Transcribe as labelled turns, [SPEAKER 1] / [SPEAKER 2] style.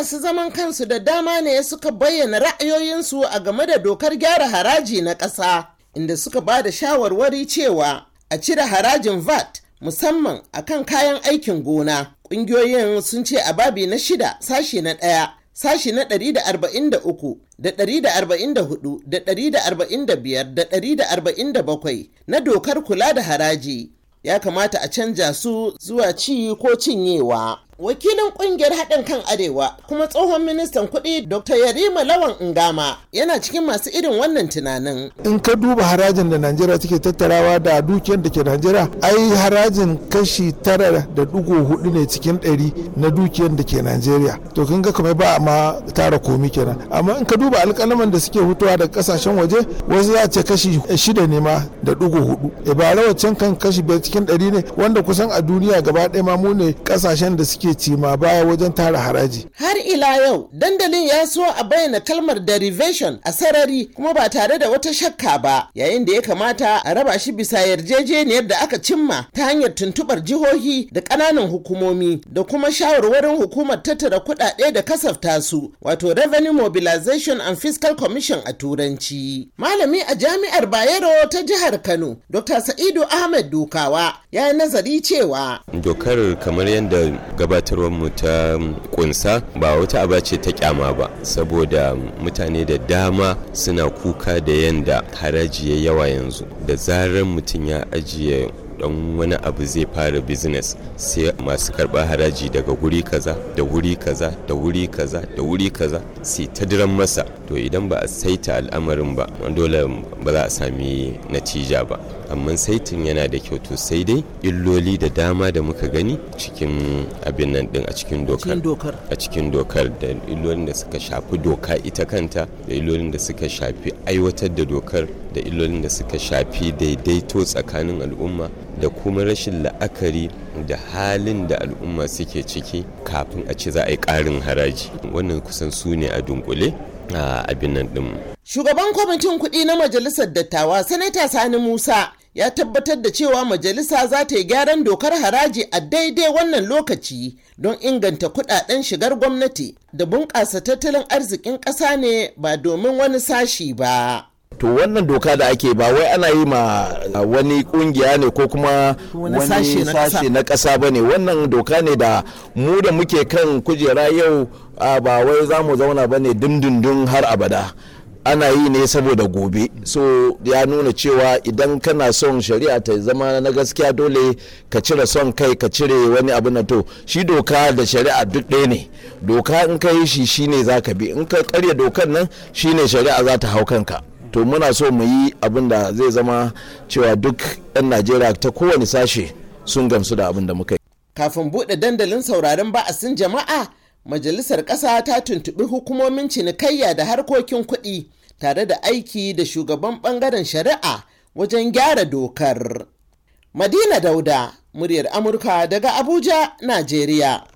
[SPEAKER 1] masu zaman kansu da dama ne suka bayyana ra'ayoyinsu a game da dokar gyara haraji na ƙasa inda suka ba da shawarwari cewa a cire harajin vat musamman a kan kayan aikin gona ƙungiyoyin sun ce a babi na shida sashi na ɗaya sashi na 143 da 144 da 145 da 147 na dokar kula da haraji ya kamata a canja su zuwa ci ko cinyewa wakilin kungiyar haɗin kan arewa kuma tsohon ministan kuɗi dr yarima lawan ngama yana cikin masu irin wannan tunanin
[SPEAKER 2] in ka duba harajin da najeriya take tattarawa da dukiyar da ke najeriya ai harajin kashi tara da dugo hudu ne cikin ɗari na dukiyar da ke najeriya to kin ga kamar ba ma tara komi kenan amma in ka duba alƙalaman da suke hutuwa daga kasashen waje wasu za ce kashi shida ne ma da dugo hudu ibara e, wacan kan kashi biyar cikin ɗari ne wanda kusan a duniya gaba ɗaya ma mu ne kasashen da suke ce ma baya wajen tara haraji.
[SPEAKER 1] Har ila yau dandalin ya so a bayyana kalmar derivation a sarari kuma ba tare da wata shakka ba yayin da ya kamata a raba shi bisa yarjejeniyar da aka cimma ta hanyar tuntubar jihohi da ƙananan hukumomi da kuma shawarwarin hukumar tattara kuɗaɗe da kasafta su wato revenue mobilization and fiscal commission a turanci. Malami a jami'ar Bayero ta jihar Kano Dr. Sa'idu Ahmed Dukawa ya yi nazari cewa
[SPEAKER 3] dokar kamar yadda gabatarwarmu ta kunsa ba wata aba ce ta kyama ba saboda mutane da dama suna kuka da yanda haraji ya yawa yanzu da zarar mutum ya ajiye dan wani abu zai fara business sai masu karɓar haraji daga wuri kaza da wuri kaza da wuri kaza da wuri kaza sai ta diran masa to idan ba a saita al'amarin ba dole ba za a sami natija ba amma saitin yana da kyau to sai dai illoli da dama da muka gani cikin abin nan din a cikin dokar a cikin dokar da illolin da suka shafi doka ita kanta da illolin da suka shafi aiwatar da dokar da illolin da suka shafi daidaito tsakanin al'umma da kuma rashin la'akari da halin da al'umma suke ciki kafin a ci za a yi ƙarin haraji wannan kusan su ne a dunkule abin nan ɗin.
[SPEAKER 1] Shugaban kwamitin kuɗi na majalisar dattawa Sanata Sani Musa ya tabbatar da cewa majalisa za ta yi gyaran dokar haraji a daidai wannan lokaci don inganta kuɗaɗen shigar gwamnati da bunƙasa tattalin arzikin ƙasa ne ba domin wani sashi ba. to wannan doka da ake ba wai ana yi ma wani kungiya ne ko kuma
[SPEAKER 4] wani sashe na kasa ba ne wannan doka ne da mu da muke kan kujera yau ba wai za mu zauna ba ne dindindin har abada ana yi ne saboda gobe so ya nuna cewa idan kana son shari'a ta zama na gaskiya dole ka cire son kai ka cire wani abu na to shi doka da shari'a duk ɗaya ne doka in ka yi shi shine za ka bi in ka karya dokan nan shine shari'a za ta hau kanka to muna so mu yi abin da zai zama cewa duk 'yan najeriya ta kowane sashe sun gamsu da abin da muka yi
[SPEAKER 1] kafin buɗe dandalin sauraron ba'asin jama'a majalisar ƙasa ta tuntuɓi hukumomin cinikayya da harkokin kuɗi tare da aiki da shugaban ɓangaren shari'a wajen gyara dokar madina dauda muryar amurka daga abuja najeriya